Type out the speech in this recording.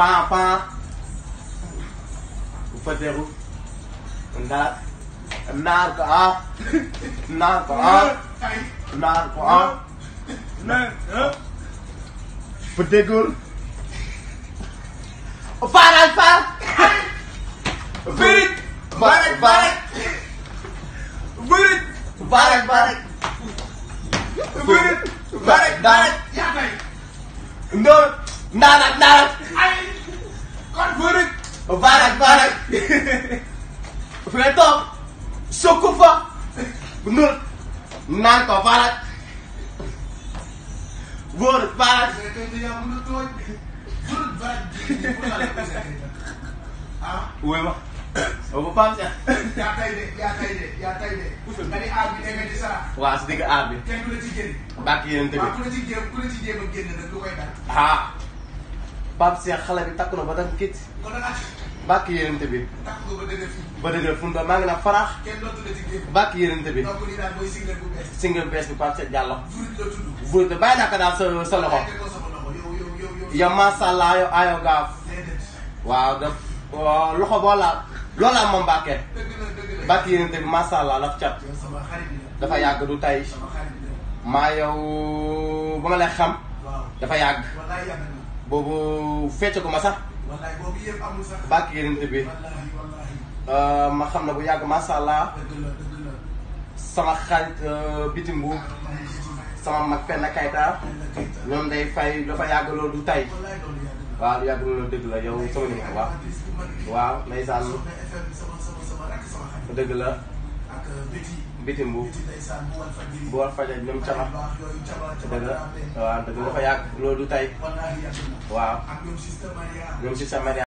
apa-apa. Upaderu. Naar. Ah. Naar de A. Ah. Naar de A. Ah. Naar de A. Naar de A. Pedegur. Parat, parat. Virit. Barak, barak. Virit. Barak, barak. Virit. Barak, barak. Ja, nee. Naar, naar, naar. prétend sokku fa nur naan ko farat wóor farat wóor ma boobu Pape Cheikh. yaa tay de yaa tay de yaa tay de. bi demee di sara. waaw si digg aar bi. la a ah. xale bi takku na ba tam kit. bàkk yéenante bi ba dëgër fu mu maa ngi naan faraax bàkk yéenante bi single bees bi Pape Cheikh Diallo vur bàyyi naa ko daal sa loxo yow masalla ayo gaaf waaw daf loxo boo laal loolu am moom bàkkee bàkk yéenante bi masalla laf cat dafa yàgg du tay maa yow ba ma xam dafa yàgg boobu fecc ko sax bàkk yeneen bi euh, ma xam ne bu yàgg macha allah sama xaaj euh, bitim bu sama mag fenn kayta ñoom day fay dafa yàgg loolu tay waaw lu yàgg loolu dëgg la yow sama numéro waaw waaw ndeysaan dëgg la ak biti biti mbuub bu war faja ñoom cama waaw dafa yàgg loolu du waaw ñoom si sa